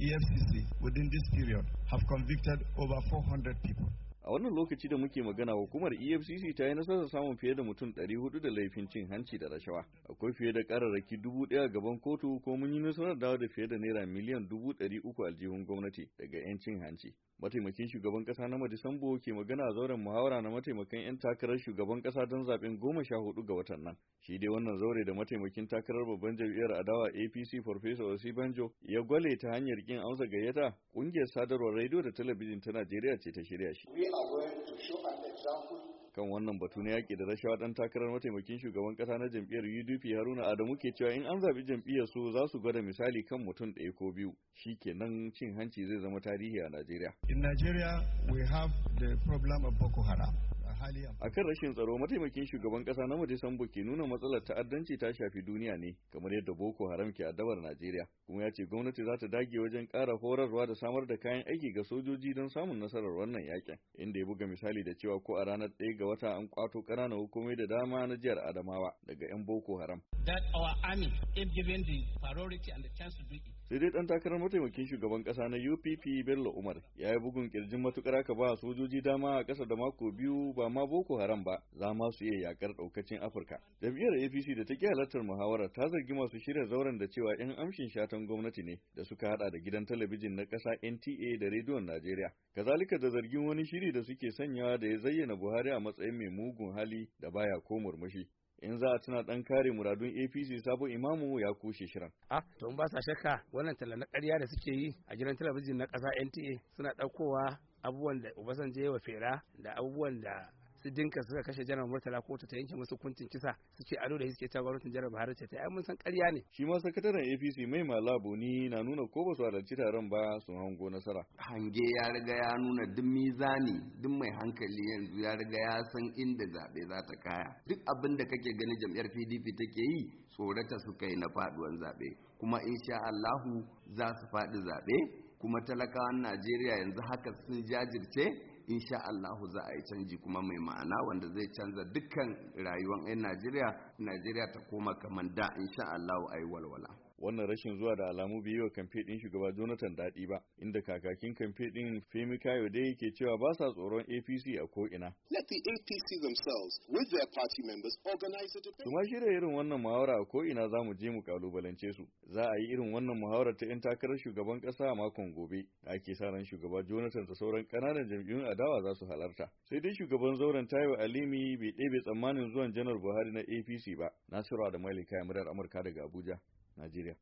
EFCC within this period have convicted over 400 people. a wannan lokaci da muke magana hukumar efcc ta yi nasarar samun fiye da mutum 400 da laifin cin hanci da rashawa akwai fiye da kararraki dubu a gaban kotu ko mun yi nasarar dawo da fiye da naira miliyan dubu ɗari uku aljihun gwamnati daga 'yan cin hanci mataimakin shugaban kasa na madisambo ke magana a zauren muhawara na mataimakan 'yan takarar shugaban kasa don zaben goma sha hudu ga watan nan shi dai wannan zaure da mataimakin takarar babban jam'iyyar adawa apc farfesa banjo ya gwale ta hanyar kin amsa gayyata kungiyar sadarwar rediyo da talabijin ta najeriya ce ta shirya shi Kan wannan batu na yaƙi da rashawa ɗan takarar mataimakin shugaban ƙasa na jam'iyyar UDP Haruna Adamu ke cewa in an zaɓi jam'iyyar su za su gwada misali kan mutum ɗaya ko biyu shi kenan cin hanci zai zama tarihi a Najeriya. In Najeriya we have the problem of Boko Haram. a kan rashin tsaro mataimakin shugaban kasa na Madisambo ke nuna matsalar ta'addanci ta shafi duniya ne kamar yadda Boko Haram ke addabar Najeriya kuma ya ce gwamnati za ta dage wajen kara horarwa da samar da kayan aiki ga sojoji don samun nasarar wannan yakin inda ya buga misali da cewa ko a ranar ɗaya ga wata an kwato ƙananan hukumai da dama na jihar Adamawa daga 'yan Boko Haram that our sai dai ɗan takarar mataimakin shugaban kasa na UPP Bello Umar ya yi bugun kirjin matuƙar ka ba sojoji dama a ƙasa da mako biyu ba ma Boko Haram ba za ma su iya yakar daukacin Afirka. Jam'iyyar APC da ta ki halartar muhawarar ta zargi masu shirya zauren da cewa 'yan amshin shatan gwamnati ne da suka hada da gidan talabijin na kasa NTA da rediyon Najeriya. Kazalika da zargin wani shiri da suke sanyawa da ya zayyana Buhari a matsayin mai mugun hali da baya ko murmushi. in za a tuna dan kare muradun APC sabon imamu ya kushe shirin. A to ba sa shakka wannan talla na ƙarya da suke yi a gidan talabijin na ƙasa NTA suna ɗaukowa abubuwan da Obasanjo ya fera da abubuwan da su dinka suka kashe janar murtala ko ta yanke musu kuntin kisa su ce ado da suke ta gwamnatin janar buhari ta yi mun san karya ne shi ma sakataren apc mai malabo ni na nuna ko ba su halarci taron ba sun hango nasara hange ya riga ya nuna duk mizani duk mai hankali yanzu ya riga ya san inda zaɓe za ta kaya duk abin da kake gani jam'iyyar pdp take yi tsorata su kai na faduwan zaɓe kuma insha allahu za su faɗi zaɓe kuma talakawan najeriya yanzu haka sun jajirce insha Allahu za a yi canji kuma mai ma'ana wanda zai canza dukkan rayuwar 'yan Najeriya Najeriya ta koma kamar da insha Allahu a yi walwala wannan rashin zuwa da alamu bai yi wa kamfe ɗin shugaba Jonathan daɗi ba, inda kakakin kamfe ɗin Femi dai yake cewa ba sa tsoron APC a ko'ina. APC Kuma shirya irin wannan muhawara a ko'ina za mu je mu kalubalance su. Za a yi irin wannan muhawarar ta 'yan takarar shugaban ƙasa a makon gobe, da ake sa ran shugaba Jonathan da sauran ƙananan jam'iyyun adawa za su halarta. Sai dai shugaban zauren Taiwo Alimi bai ɗebe tsammanin zuwan janar Buhari na APC ba. Nasiru da Malika Murar Amurka daga Abuja. на деле